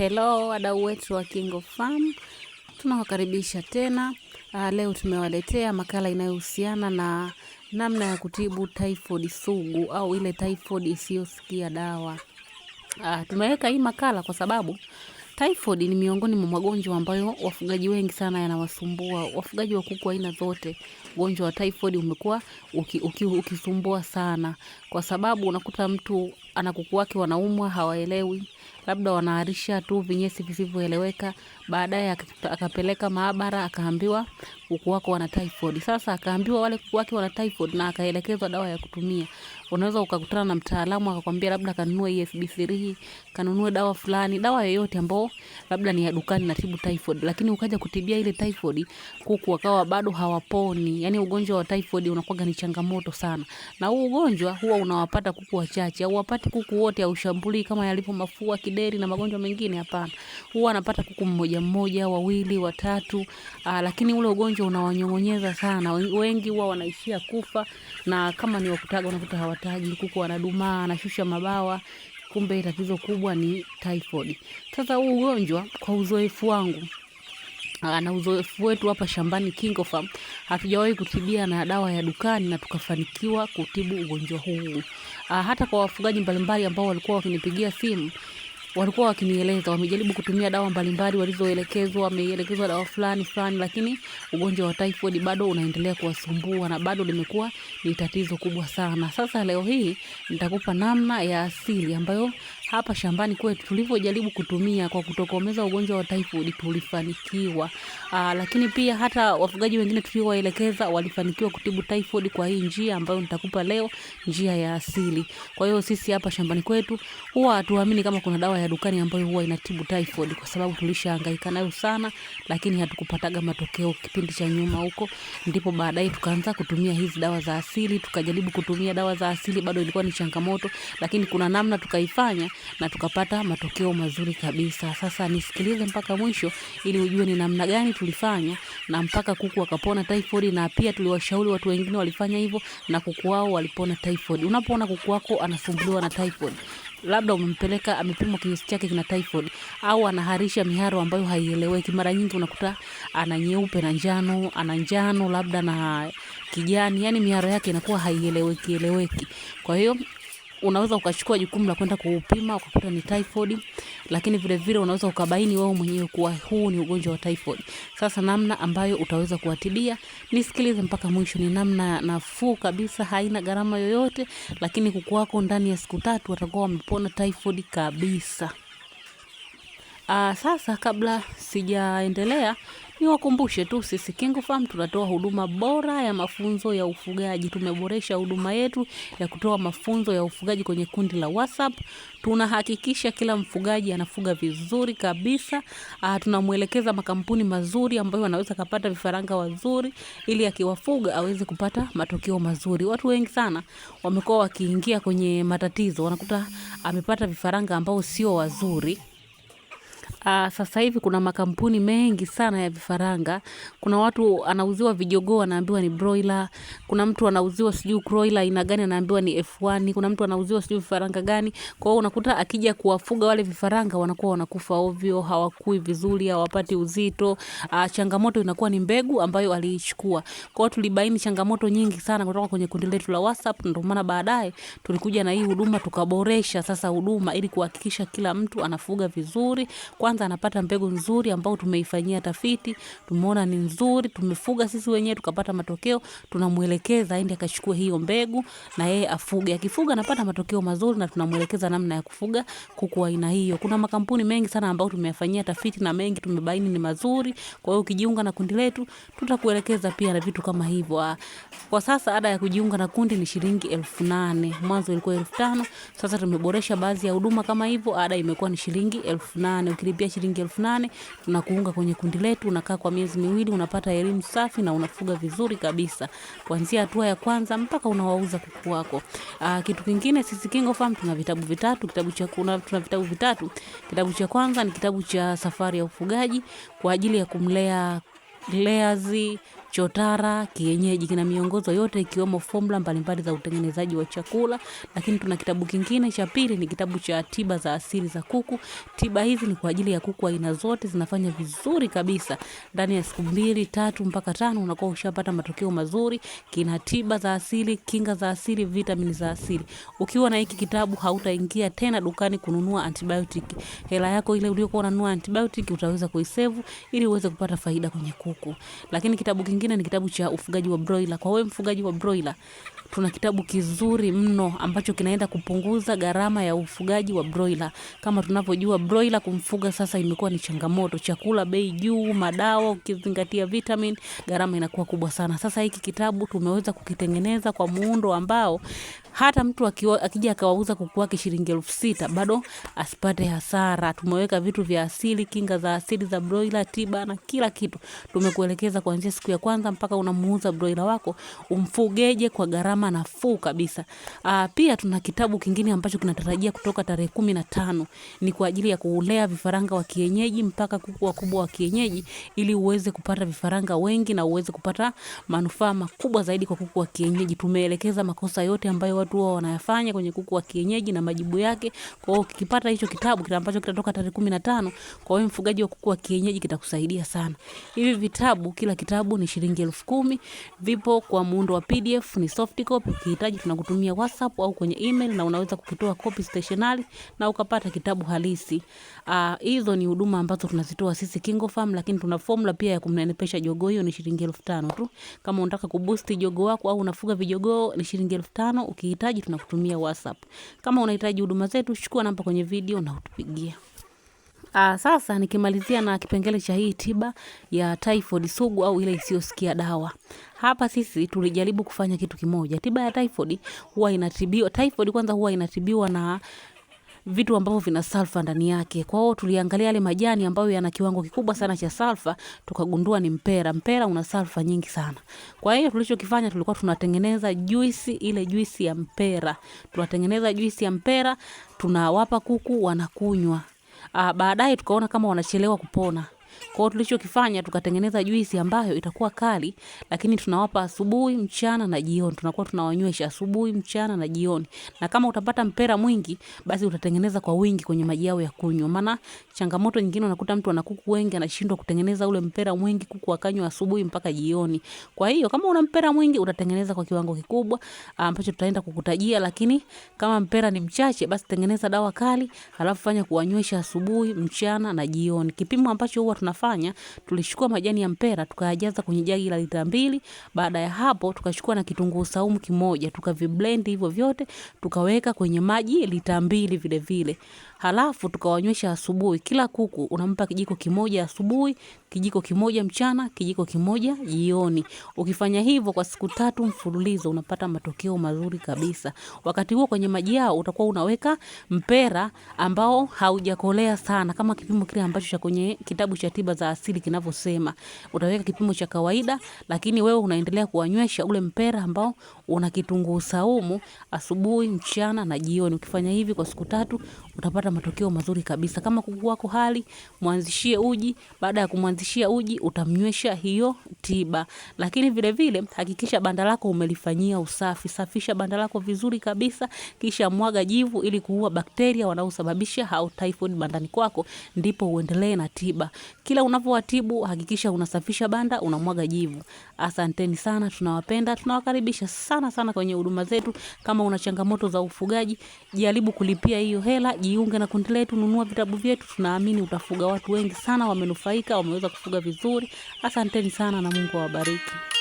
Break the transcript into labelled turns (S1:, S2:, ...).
S1: Hello wadau wetu wa Kingo Farm, tunawakaribisha tena. Uh, leo tumewaletea makala inayohusiana na namna ya kutibu typhoid sugu au ile typhoid isiyosikia dawa. Uh, tumeweka hii makala kwa sababu typhoid ni miongoni mwa magonjwa ambayo wafugaji wengi sana yanawasumbua wafugaji wa kuku aina zote. Ugonjwa wa typhoid umekuwa ukisumbua uki, uki sana kwa sababu unakuta mtu ana kuku wake wanaumwa, hawaelewi, labda wanaharisha tu vinyesi visivyoeleweka. Baadaye akapeleka maabara, akaambiwa kuku wako wana typhoid. Sasa akaambiwa wale kuku wake wana typhoid na akaelekezwa dawa ya kutumia. Unaweza ukakutana na mtaalamu akakwambia labda kanunue ESB3, kanunue dawa fulani, dawa yoyote ambayo labda ni ya dukani na tibu typhoid, lakini ukaja kutibia ile typhoid, kuku wakawa bado hawaponi. Yani ugonjwa wa typhoid unakuwa ni changamoto sana, na huu ugonjwa huwa unawapata kuku wachache, au wapati kuku wote, au shambulii kama yalipo mafua, kideri na magonjwa mengine. Hapana, huwa anapata kuku mmoja mmoja, wawili, watatu, ah, lakini ule ugonjwa unawanyong'onyeza sana. Wengi huwa wanaishia kufa, na kama ni wakutaga unakuta hawatagi kuku, wanadumaa, anashusha mabawa kumbe tatizo kubwa ni typhoid. Sasa huu ugonjwa kwa uzoefu wangu Ah, na uzoefu wetu hapa shambani KingoFarm hatujawahi kutibia na dawa ya dukani na tukafanikiwa kutibu ugonjwa huu. Ah, hata kwa wafugaji mbalimbali ambao walikuwa wakinipigia simu walikuwa wakinieleza wamejaribu kutumia dawa mbalimbali walizoelekezwa, wameelekezwa dawa fulani fulani, lakini ugonjwa wa typhoid bado unaendelea kuwasumbua na bado limekuwa ni tatizo kubwa sana. Sasa leo hii nitakupa namna ya asili ambayo hapa shambani kwetu tulivyojaribu kutumia kwa kutokomeza ugonjwa wa typhoid tulifanikiwa. Uh, lakini pia hata wafugaji wengine tuliowaelekeza walifanikiwa kutibu typhoid kwa hii njia ambayo nitakupa leo, njia ya asili. Kwa hiyo sisi hapa shambani kwetu huwa hatuamini kama kuna dawa ya dukani ambayo huwa inatibu typhoid kwa sababu tulishahangaika nayo sana, lakini hatukupataga matokeo kipindi cha nyuma huko, ndipo baadaye tukaanza kutumia hizi dawa za asili. Tukajaribu kutumia dawa za asili, bado ilikuwa ni changamoto, lakini kuna namna tukaifanya na tukapata matokeo mazuri kabisa. Sasa nisikilize mpaka mwisho ili ujue ni namna gani tulifanya na mpaka kuku akapona typhoid, na pia tuliwashauri watu wengine walifanya hivyo na kuku wao walipona typhoid. Unapoona kuku wako anasumbuliwa na typhoid labda umempeleka amepimwa kinyesi chake kina typhoid, au anaharisha miharo ambayo haieleweki. Mara nyingi unakuta ana nyeupe na njano, ana njano labda na kijani, yani miharo yake inakuwa haieleweki eleweki. Kwa hiyo unaweza ukachukua jukumu la kwenda kuupima ukakuta ni typhoid, lakini vile vile unaweza ukabaini wewe mwenyewe kuwa huu ni ugonjwa wa typhoid. Sasa namna ambayo utaweza kuwatibia, nisikilize mpaka mwisho, ni namna nafuu kabisa, haina gharama yoyote, lakini kuku wako ndani ya siku tatu watakuwa wamepona typhoid kabisa. Aa, ah, sasa kabla sijaendelea Niwakumbushe tu sisi KingoFarm tunatoa huduma bora ya mafunzo ya ufugaji. Tumeboresha huduma yetu ya kutoa mafunzo ya ufugaji kwenye kundi la WhatsApp. Tunahakikisha kila mfugaji anafuga vizuri kabisa. Uh, tunamwelekeza makampuni mazuri ambayo anaweza kapata vifaranga wazuri ili akiwafuga aweze kupata matokeo mazuri. Watu wengi sana wamekuwa wakiingia kwenye matatizo, wanakuta amepata vifaranga ambao sio wazuri Uh, sasa hivi kuna makampuni mengi sana ya vifaranga. Kuna watu anauziwa vijogoo anaambiwa ni broiler. Kuna mtu anauziwa sijui broiler aina gani anaambiwa ni F1. Kuna mtu anauziwa sijui vifaranga gani. Kwa hiyo unakuta akija kuwafuga wale vifaranga wanakuwa wanakufa ovyo, hawakui vizuri, hawapati uzito. Uh, changamoto inakuwa ni mbegu ambayo aliichukua. Kwa hiyo tulibaini changamoto nyingi sana kutoka kwenye kundi letu la WhatsApp, ndio maana baadaye tulikuja na hii huduma tukaboresha sasa huduma ili kuhakikisha kila mtu anafuga vizuri kwa kwanza anapata mbegu nzuri ambayo tumeifanyia tafiti, tumeona ni nzuri, tumefuga sisi wenyewe tukapata matokeo, tunamwelekeza aende akachukue hiyo mbegu na yeye afuge. Akifuga anapata matokeo mazuri na tunamwelekeza namna ya kufuga kuku aina hiyo. Kuna makampuni mengi sana ambayo tumeyafanyia tafiti na mengi tumebaini ni mazuri. Kwa hiyo ukijiunga na kundi letu tutakuelekeza pia na vitu kama hivyo. Ah, kwa sasa ada ya kujiunga na kundi ni shilingi elfu nane. Mwanzo ilikuwa elfu tano. Sasa tumeboresha baadhi ya huduma kama hivyo, ada imekuwa ni shilingi elfu nane. Ukilipia unalipia shilingi elfu nane tunakuunga kwenye kundi letu, unakaa kwa miezi miwili, unapata elimu safi na unafuga vizuri kabisa, kuanzia hatua ya kwanza mpaka unawauza kuku wako. Uh, kitu kingine sisi Kingo Farm tuna vitabu vitatu, kitabu cha kuna tuna vitabu vitatu. Kitabu cha kwanza ni kitabu cha safari ya ufugaji kwa ajili ya kumlea leazi chotara kienyeji. Kina miongozo yote ikiwemo formula mbalimbali za utengenezaji wa chakula, lakini tuna kitabu kingine cha pili ni kitabu cha tiba za asili za kuku. Tiba hizi ni kwa ajili ya kuku aina zote, zinafanya vizuri kabisa. Ndani ya siku mbili tatu mpaka tano unakuwa ushapata matokeo mazuri. Kina tiba za asili, kinga za asili, vitamini za asili. Ukiwa na hiki kitabu hautaingia tena dukani kununua antibiotic. Hela yako ile uliyokuwa unanunua antibiotic utaweza kuisave ili uweze kupata faida kwenye kuku. Lakini kitabu kingine kingine ni kitabu cha ufugaji wa broiler. Kwa wewe mfugaji wa broiler, tuna kitabu kizuri mno ambacho kinaenda kupunguza gharama ya ufugaji wa broiler. Kama tunavyojua broiler kumfuga sasa imekuwa ni changamoto, chakula bei juu, madawa ukizingatia vitamin, gharama inakuwa kubwa sana. Sasa hiki kitabu tumeweza kukitengeneza kwa muundo ambao hata mtu akija akawauza kuku wake shilingi elfu sita bado asipate hasara. Tumeweka vitu vya asili, kinga za asili za broila, tiba na kila kitu tumekuelekeza kuanzia siku ya kwanza mpaka unamuuza broila wako, umfugeje kwa gharama nafuu kabisa. Aa, ah, pia tuna kitabu kingine ambacho kinatarajia kutoka tarehe kumi na tano ni kwa ajili ya kuulea vifaranga wa kienyeji mpaka kuku wakubwa wa kienyeji, ili uweze kupata vifaranga wengi na uweze kupata manufaa makubwa zaidi kwa kuku wa kienyeji. Tumeelekeza makosa yote ambayo watu wao wanayafanya kwenye kuku wa kienyeji na majibu yake. Kwa hiyo ukipata hicho kitabu kile ambacho kitatoka tarehe kumi na tano kwa hiyo mfugaji wa kuku wa kienyeji kitakusaidia sana. Hivi vitabu kila kitabu ni shilingi elfu kumi. Vipo kwa muundo wa PDF, ni soft copy. Ukihitaji tunakutumia WhatsApp au kwenye email na unaweza kukitoa copy stationary na ukapata kitabu halisi. Ah, hizo ni huduma ambazo tunazitoa sisi Kingo Farm, lakini tuna formula pia ya kumnenepesha jogoo, hiyo ni shilingi elfu tano tu. Kama unataka kuboost jogoo wako au unafuga vijogoo ni shilingi elfu tano uki ukihitaji tunakutumia WhatsApp. Kama unahitaji huduma zetu, chukua namba kwenye video na utupigie. Aa, ah, sasa nikimalizia na kipengele cha hii tiba ya typhoid sugu au ile isiyosikia dawa. Hapa sisi tulijaribu kufanya kitu kimoja. Tiba ya typhoid huwa inatibiwa, typhoid kwanza huwa inatibiwa na vitu ambavyo vina salfa ndani yake. Kwa hiyo tuliangalia yale majani ambayo yana kiwango kikubwa sana cha salfa, tukagundua ni mpera. Mpera una salfa nyingi sana. Kwa hiyo tulichokifanya tulikuwa tunatengeneza juisi, ile juisi ya mpera. Tunatengeneza juisi ya mpera, tunawapa kuku wanakunywa. Ah, baadaye tukaona kama wanachelewa kupona kwao. tulichokifanya tukatengeneza juisi ambayo itakuwa kali, lakini tunawapa asubuhi, mchana na jioni. Tunakuwa tunawanywesha asubuhi, mchana na jioni. Na kama utapata mpera mwingi, basi utatengeneza kwa wingi kwenye maji yao ya kunywa. Maana changamoto nyingine unakuta mtu ana kuku wengi anashindwa kutengeneza ule mpera mwingi, kuku akanywa asubuhi mpaka jioni. Kwa hiyo kama una mpera mwingi utatengeneza kwa kiwango kikubwa ah, ambacho tutaenda kukutajia, lakini kama mpera ni mchache, basi tengeneza dawa kali, halafu fanya kuwanywesha asubuhi, mchana na jioni. Kipimo ambacho huwa tuna tunafanya tulichukua majani ya mpera tukayajaza kwenye jagi la lita mbili. Baada ya hapo, tukachukua na kitunguu saumu kimoja tukaviblend hivyo vyote tukaweka kwenye maji lita mbili vile vile. Halafu tukawanywesha asubuhi. Kila kuku unampa kijiko kimoja asubuhi, kijiko kimoja mchana, kijiko kimoja jioni. Ukifanya hivyo kwa siku tatu mfululizo unapata matokeo mazuri kabisa. Wakati huo kwenye maji yao utakuwa unaweka mpera ambao haujakolea sana kama kipimo kile ambacho cha kwenye kitabu cha tiba za asili kinavyosema. Utaweka kipimo cha kawaida, lakini wewe unaendelea kuwanywesha ule mpera ambao una kitunguu saumu asubuhi, mchana na jioni. Ukifanya hivi kwa siku tatu, utapata matokeo mazuri kabisa. Kama kuku wako hali, mwanzishie uji. Baada ya kumwanzishia uji, utamnywesha hiyo tiba. Lakini vile vile hakikisha banda lako umelifanyia usafi. Safisha banda lako vizuri kabisa, kisha mwaga jivu ili kuua bakteria wanaosababisha hau typhoid bandani kwako, ndipo uendelee na tiba. Kila unavyowatibu hakikisha unasafisha banda, unamwaga jivu. Asanteni sana, tunawapenda, tunawakaribisha sana sana kwenye huduma zetu. Kama una changamoto za ufugaji, jaribu kulipia hiyo hela, jiunge na kundi letu, nunua vitabu vyetu. Tunaamini utafuga watu wengi sana, wamenufaika, wameweza kufuga vizuri. Asanteni sana na Mungu awabariki.